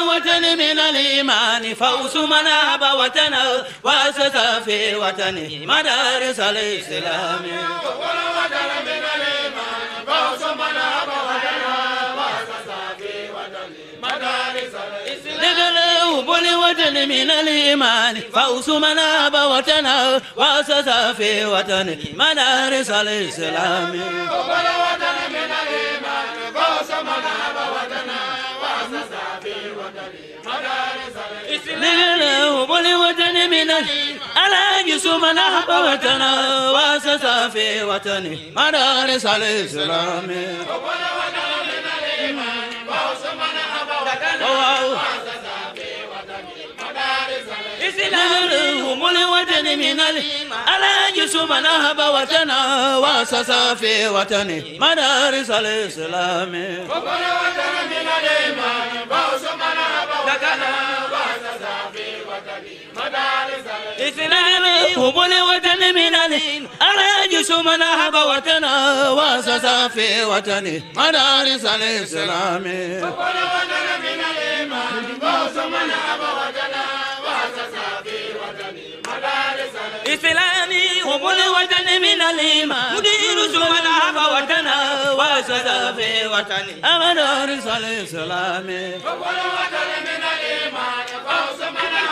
الوطن من الإيمان فوز من أحب وطنه وأسس في وطنه مدارس الإسلام الوطن من الإيمان فوز من أحب وطنه وأسس في وطنه مدارس الإسلام ولوطن من الإيمان فوز من أحب وطنه وأسس في وطنه مدارس الإسلام على يوسف نحبتنا واسسا في وطني مدارس الإسلام أول ونال الإيمان وأسمنا أبوتنا واسسا في وطني مدارس الإسلام هم الوطن من الإيمان على يوسف نحبتنا واسسا في وطني مدارس الإسلام أول ونال من الإيمان وأسمنا أبوتنا واسسا اثنان هم الوطن من الهين أراجس من أحب وطنا وأسس في وطنه مدارس الإسلام هم الوطن من الإيمان غوث من علي وطنا وأسس في وطنه مدارس الإسلام هم الوطن من الإيمان مدير من أحب وطنا وأسس في وطنه مدارس الإسلام هم الوطن من علي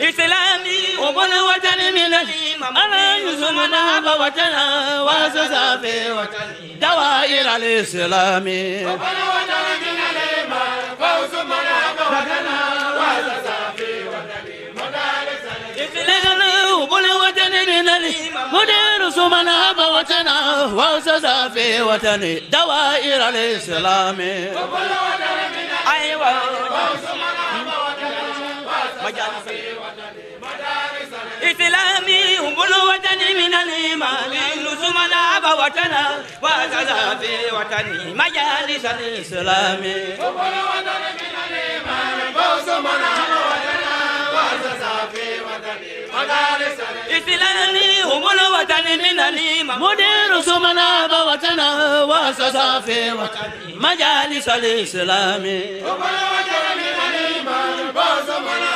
إسلامي وبنوة من الإمام أنا يزمنا بوتنا وأسسا في وطني دوائر الإسلام وبنوة من الإمام فوز منا بوتنا وأسسا في وطني مدارس الإسلام وبنوة من الإمام مدارس منا بوتنا وأسسا في وطني دوائر الإسلام وبنوة من بلو وطني من الإيمان لزمنا بوطنا وكذا في وطني مجالس الإسلام بلو وطني من الإيمان لزمنا بوطنا وكذا في وطني مجالس إسلامي هم الوطن من الإيمان مدير سمنا بوطنا وكذا في وطني مجالس الإسلام هم الوطن من الإيمان لزمنا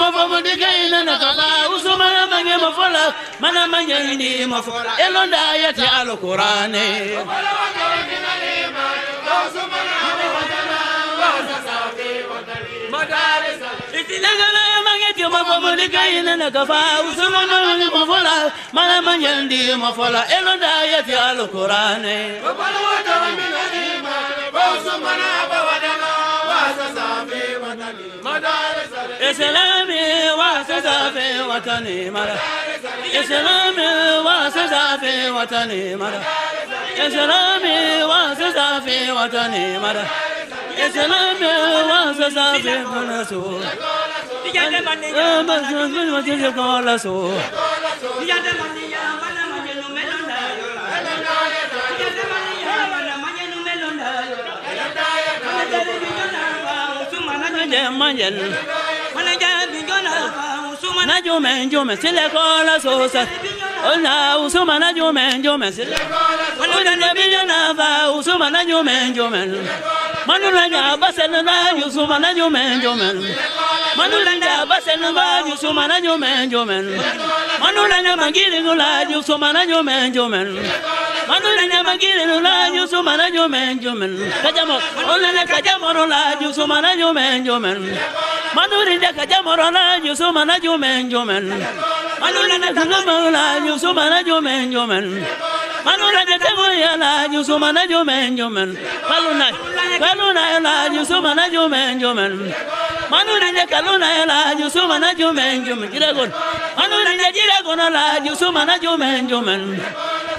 ma fo mo digay nana kala usumana mange ma fola mana mange ni ma fola elonda ayati alqurane Itilagana ya e mangeti ma fo mo digay nana kafa usumana mange ma fola mana mange ni ma fola elonda ayati alqurane Wa balwa ta min alima usumana salami wa sazafi watani mara ya salami wa sazafi watani mara ya salami wa sazafi watani mara ya salami wa sazafi watani mara ya salami wa sazafi watani mara ya salami wa Yeah, man, mana jume jume sile kola sosa ona usuma na jume jume sile ona na binya na va usuma na jume jume manu na ya basena na usuma na jume jume manu na ya basena va usuma na jume jume manu na na magiri nula usuma na manu na na magiri nula kajamo ola na kajamo nula usuma na jume jume Madurida Kajamorana, Yusumana Jumen Jumen. Manulana Kanamola, Yusumana Jumen Jumen. Manula de Tamoyala, Yusumana Jumen Jumen. Kaluna, Kaluna, Yusumana Jumen Jumen. Manula de Kaluna, Yusumana Jumen Jumen. Kiragon. Manula de Kiragonala, Yusumana Jumen Jumen.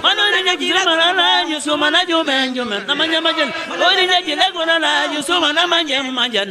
Manula de Kiragonala, Yusumana Jumen Jumen. Namanya Majan. Manula de Kiragonala, Yusumana Majan Majan.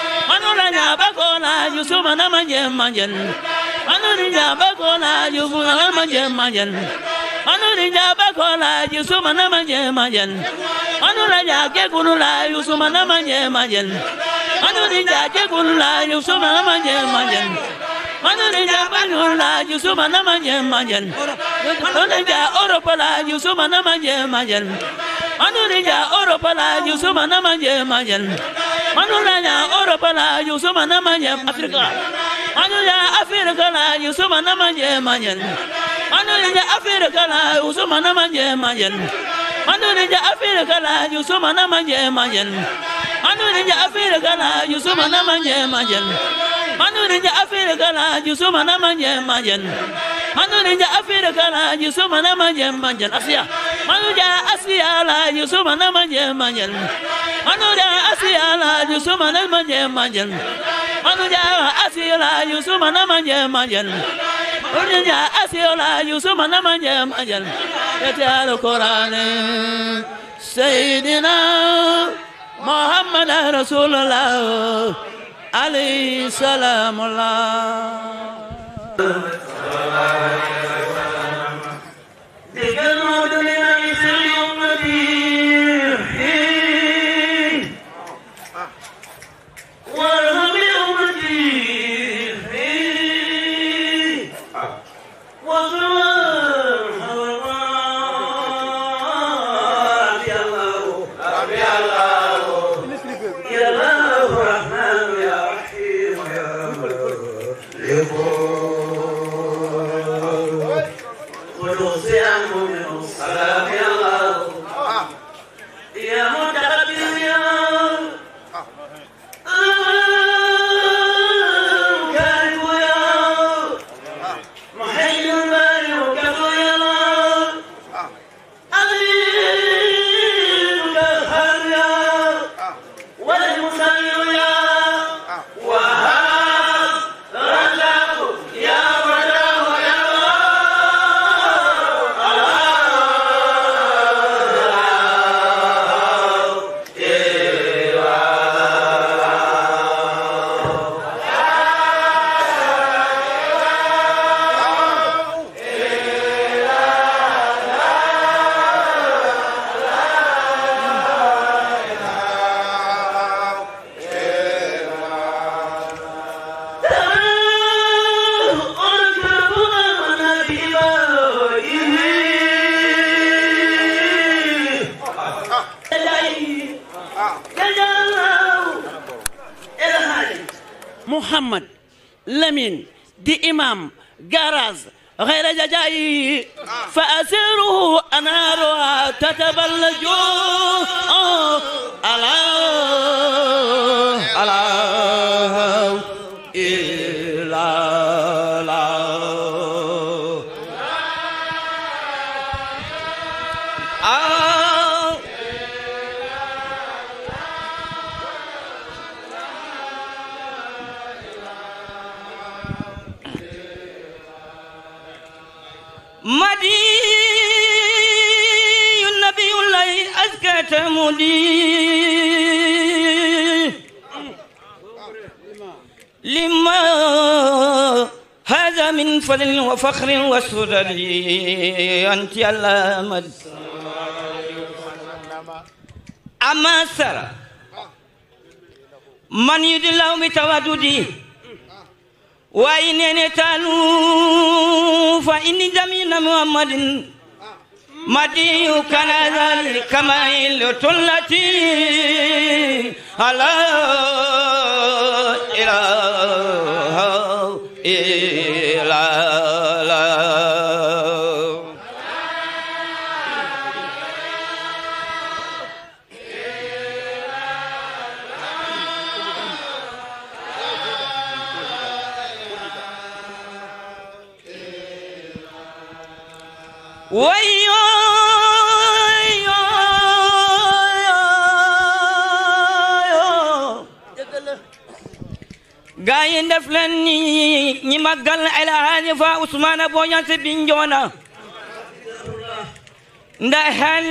manula nyaba kola yusu mana manje manjen manuri nyaba kola yusu mana manje manjen manuri nyaba kola yusu mana manje manjen manula nyake kunula yusu mana manje manjen manuri nyake kunula yusu mana manje manjen Manurija Banula, Yusuma Namanje Majan. Manurija Oropala, Yusuma Namanje Majan. Manurija Oropala, Yusuma Namanje Majan. manulanya Europa la yusuma na manye Afrika manulanya Afrika la yusuma na manye manye manulanya Afrika la yusuma na manye manye manulanya Afrika la yusuma na manye manye manulanya Afrika la yusuma na manye manye manulanya Afrika la yusuma na manye manye manulanya Afrika la yusuma na manye manye Asia manulanya Asia la yusuma na manye manye manuja asiyala yusuma na manje manjen manuja asiyala yusuma na manje manjen manuja asiyala yusuma na manje manjen yati alqur'ani sayyidina muhammad rasulullah alayhi salamullah Yeah. همم جرس غير ججائي فأسره أنهارها تتبلج من فضل وفخر وسرر أنت الله مد أما سر من يد الله بتواجدي وإن نتانو فإن جميل محمد مدي كان ذلك ما التي على إله إيه تعالى وي gaay def len ni ni magal ila hanifa usman bo yant bi ndona nda hal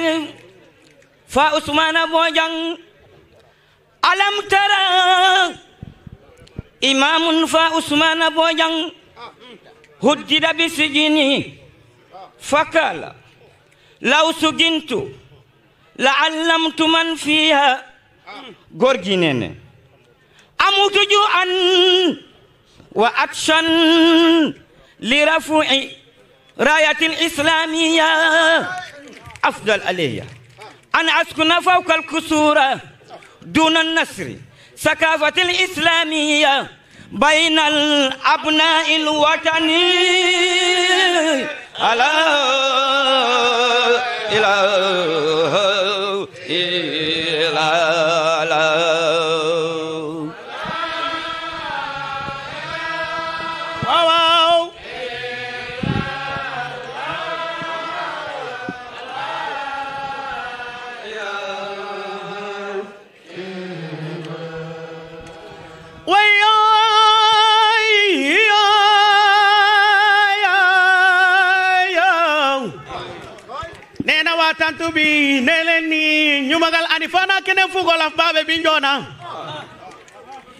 fa usman bo jang alam tara imamun fa usman bo jang hujjida bi sijini fakala law sugintu la'allamtu man fiha gorgi nene amutu ju an wa atshan li rafu'i rayatil islamiyya afdal alayya an askuna fawqa al-kusura duna an-nasri sakafatil islamiyya بين الأبناء الوطني ألا إله إلا bugolaf babe bi jona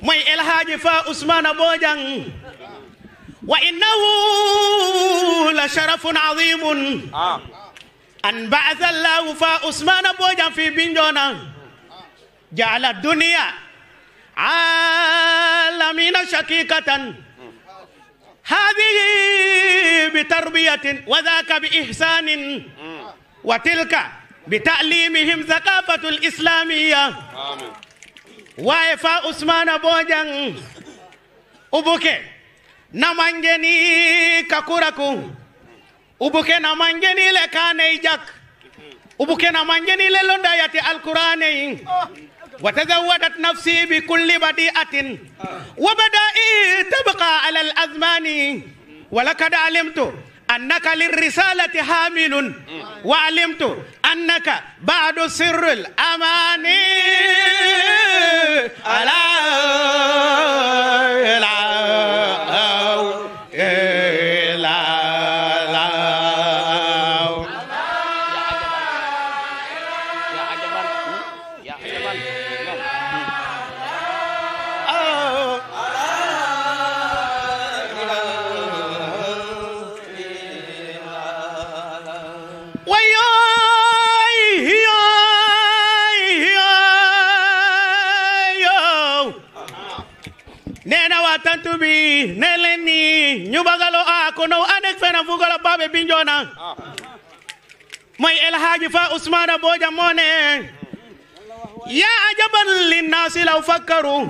moy el hadji fa usman bojang wa innahu la sharafun azim an baatha allah fa usman bojang fi bi binjona jaala dunya عالمين شقيقة هذه بتربية وذاك بإحسان وتلك بتعليمهم ثقافة الإسلامية آمين وإفاء عثمان بوجن أبوكي نمانجني ككوركو أبوكي نمانجني لكاني جاك أبوكي نمانجني للون دياتي القراني وتزودت نفسي بكل بديئة وبدائي تبقى على الأزمان ولقد علمت أنك للرسالة حامل وعلمت أنك بعد سر الأماني على ɓe binjona moy el haji fa ousmana boja mone ya ajaban linnasi law fakkaru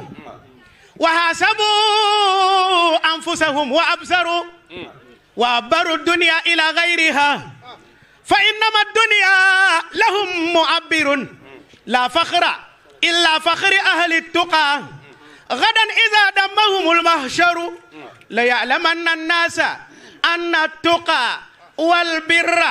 وحاسبوا أنفسهم وأبصروا وعبروا الدنيا إلى غيرها فإنما الدنيا لهم معبر لا فخر إلا فخر أهل التقى غدا إذا دمهم المحشر ليعلمن الناس أن التقى والبر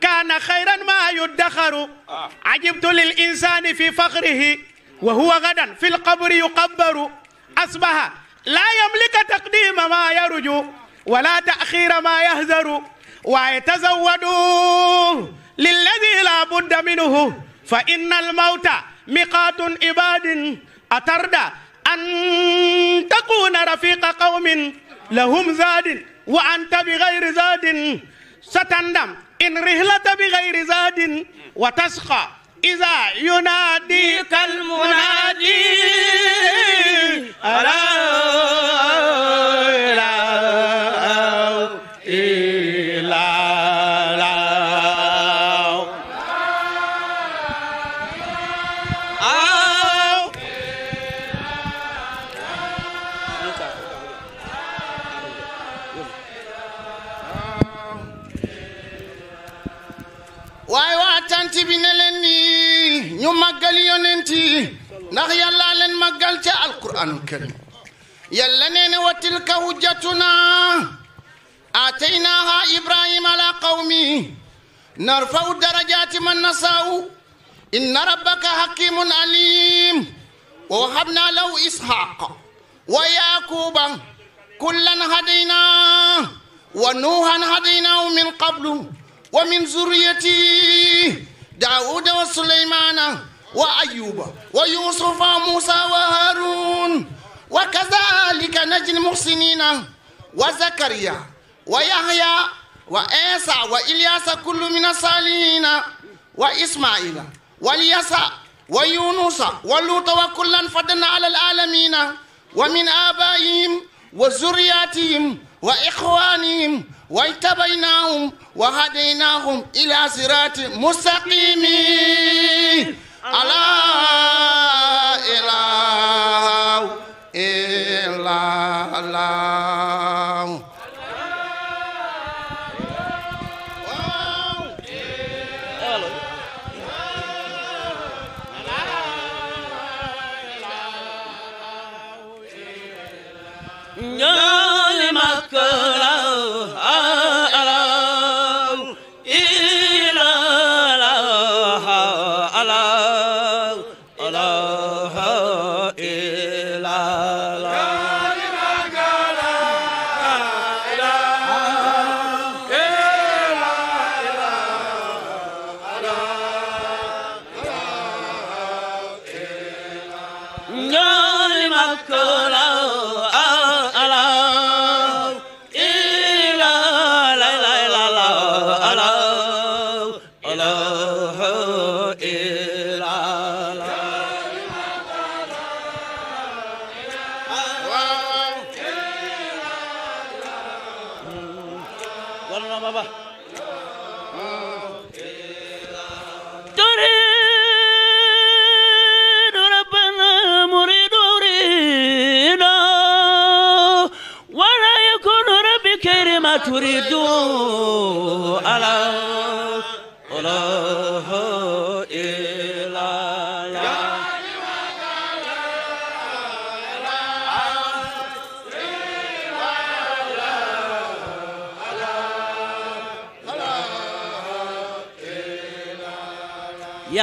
كان خيرا ما يدخر آه. عجبت للإنسان في فخره وهو غدا في القبر يقبر أصبح لا يملك تقديم ما يرجو ولا تأخير ما يهزر ويتزود للذي لا بد منه فإن الموت ميقات إباد أترد أن تكون رفيق قوم لهم زاد وأنت بغير زاد ستندم إن رحلة بغير زاد وتسقى إذا يناديك المنادي ألا tanti bi ne len ni ñu magal yonenti ndax yalla len magal ci alquranul karim yàlla nee ne wa tilka hujjatuna aataynaaha ibrahima ala qaumi narfau darajaati man nasau inna rabbaka hakimun alim wa wahabna lahu ishaqa wa yaquba kullan hadayna wa nuuhan hadaynahu min qablu ومن ذريتي داود وسليمان وأيوب ويوسف وموسى وهارون وكذلك نجي المحسنين وزكريا ويحيى وإيسى وإلياس كل من الصالحين وإسماعيل واليسع ويونس ولوط وكلا فضلنا على العالمين ومن آبائهم وذرياتهم وإخوانهم واجتبيناهم وهديناهم إلى صراط مستقيم على إله الله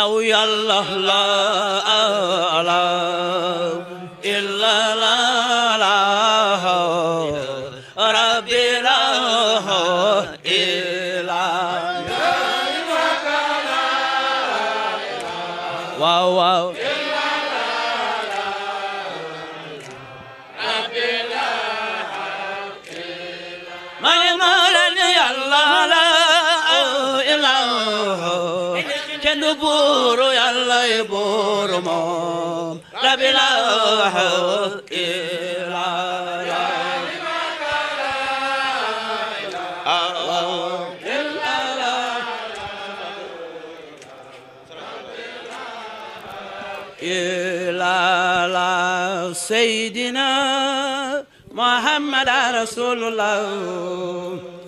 ilaw ya Allah la ala illa la la rabbi la ila wow wow Man, man, Allah, Allah. buuru yàllay buuru moom rabbi la